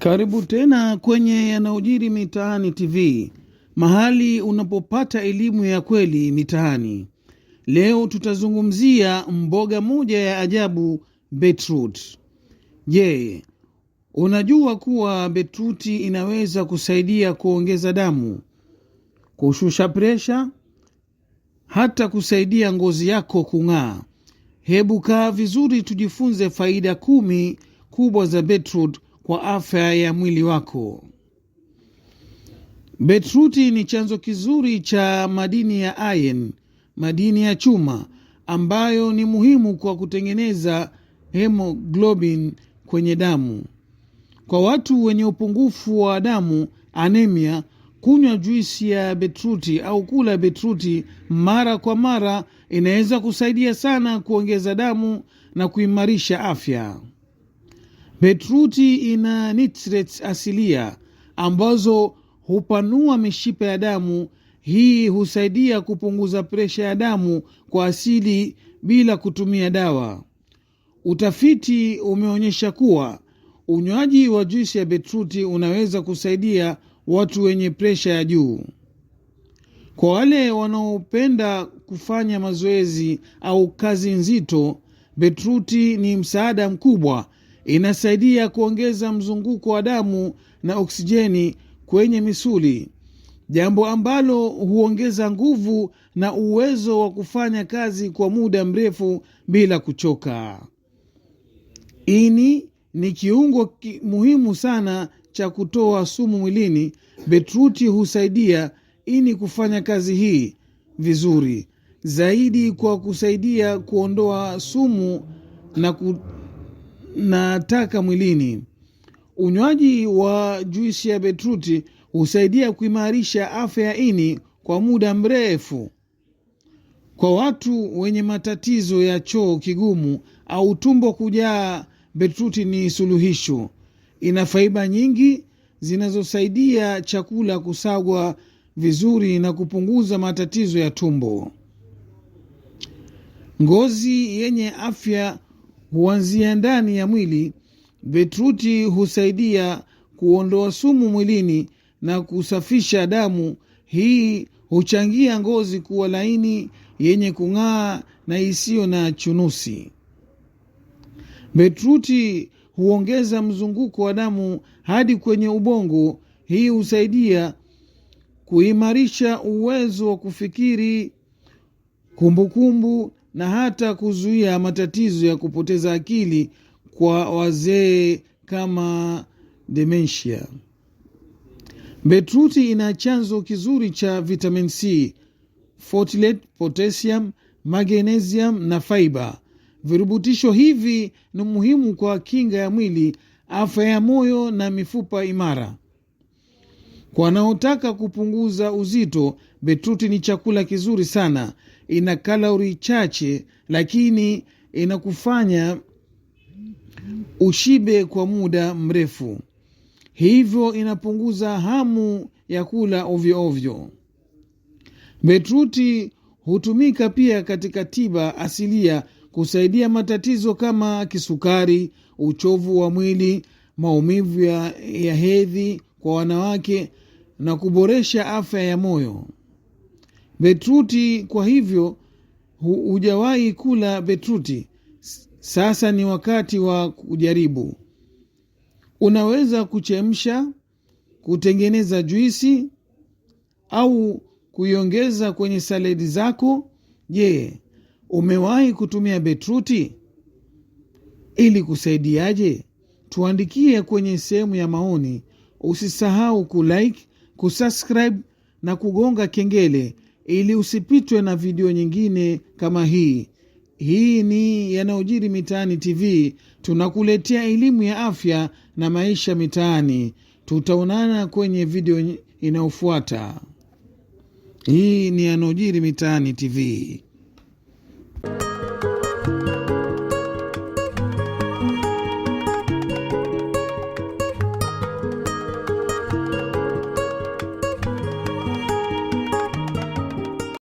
Karibu tena kwenye yanayojiri mitaani TV, mahali unapopata elimu ya kweli mitaani. Leo tutazungumzia mboga moja ya ajabu, beetroot. Je, unajua kuwa betruti inaweza kusaidia kuongeza damu, kushusha presha, hata kusaidia ngozi yako kung'aa? Hebu kaa vizuri, tujifunze faida kumi kubwa za beetroot kwa afya ya mwili wako. Betruti ni chanzo kizuri cha madini ya iron, madini ya chuma ambayo ni muhimu kwa kutengeneza hemoglobin kwenye damu. Kwa watu wenye upungufu wa damu anemia, kunywa juisi ya betruti au kula betruti mara kwa mara inaweza kusaidia sana kuongeza damu na kuimarisha afya. Betruti ina nitrates asilia ambazo hupanua mishipa ya damu. Hii husaidia kupunguza presha ya damu kwa asili bila kutumia dawa. Utafiti umeonyesha kuwa unywaji wa juisi ya betruti unaweza kusaidia watu wenye presha ya juu. Kwa wale wanaopenda kufanya mazoezi au kazi nzito, betruti ni msaada mkubwa inasaidia kuongeza mzunguko wa damu na oksijeni kwenye misuli, jambo ambalo huongeza nguvu na uwezo wa kufanya kazi kwa muda mrefu bila kuchoka. Ini ni kiungo ki muhimu sana cha kutoa sumu mwilini. Betruti husaidia ini kufanya kazi hii vizuri zaidi kwa kusaidia kuondoa sumu na ku na taka mwilini. Unywaji wa juisi ya betruti husaidia kuimarisha afya ya ini kwa muda mrefu. Kwa watu wenye matatizo ya choo kigumu au tumbo kujaa, betruti ni suluhisho. Ina faiba nyingi zinazosaidia chakula kusagwa vizuri na kupunguza matatizo ya tumbo. Ngozi yenye afya huanzia ndani ya mwili. Betruti husaidia kuondoa sumu mwilini na kusafisha damu. Hii huchangia ngozi kuwa laini, yenye kung'aa na isiyo na chunusi. Betruti huongeza mzunguko wa damu hadi kwenye ubongo. Hii husaidia kuimarisha uwezo wa kufikiri, kumbukumbu kumbu, na hata kuzuia matatizo ya kupoteza akili kwa wazee kama dementia. Betruti ina chanzo kizuri cha vitamin C, folate, potassium, magnesium na fiber. Virubutisho hivi ni muhimu kwa kinga ya mwili, afya ya moyo na mifupa imara. Kwa wanaotaka kupunguza uzito, betruti ni chakula kizuri sana ina kalori chache, lakini inakufanya ushibe kwa muda mrefu, hivyo inapunguza hamu ya kula ovyo ovyo. Betruti hutumika pia katika tiba asilia kusaidia matatizo kama kisukari, uchovu wa mwili, maumivu ya hedhi kwa wanawake na kuboresha afya ya moyo. Betruti kwa hivyo hujawahi kula betruti. Sasa ni wakati wa kujaribu. Unaweza kuchemsha, kutengeneza juisi au kuiongeza kwenye saledi zako. Je, umewahi kutumia betruti? Ili kusaidiaje? Tuandikie kwenye sehemu ya maoni. Usisahau kulike, kusubscribe na kugonga kengele ili usipitwe na video nyingine kama hii. Hii ni yanayojiri mitaani TV. Tunakuletea elimu ya afya na maisha mitaani. Tutaonana kwenye video inayofuata. Hii ni yanayojiri mitaani TV.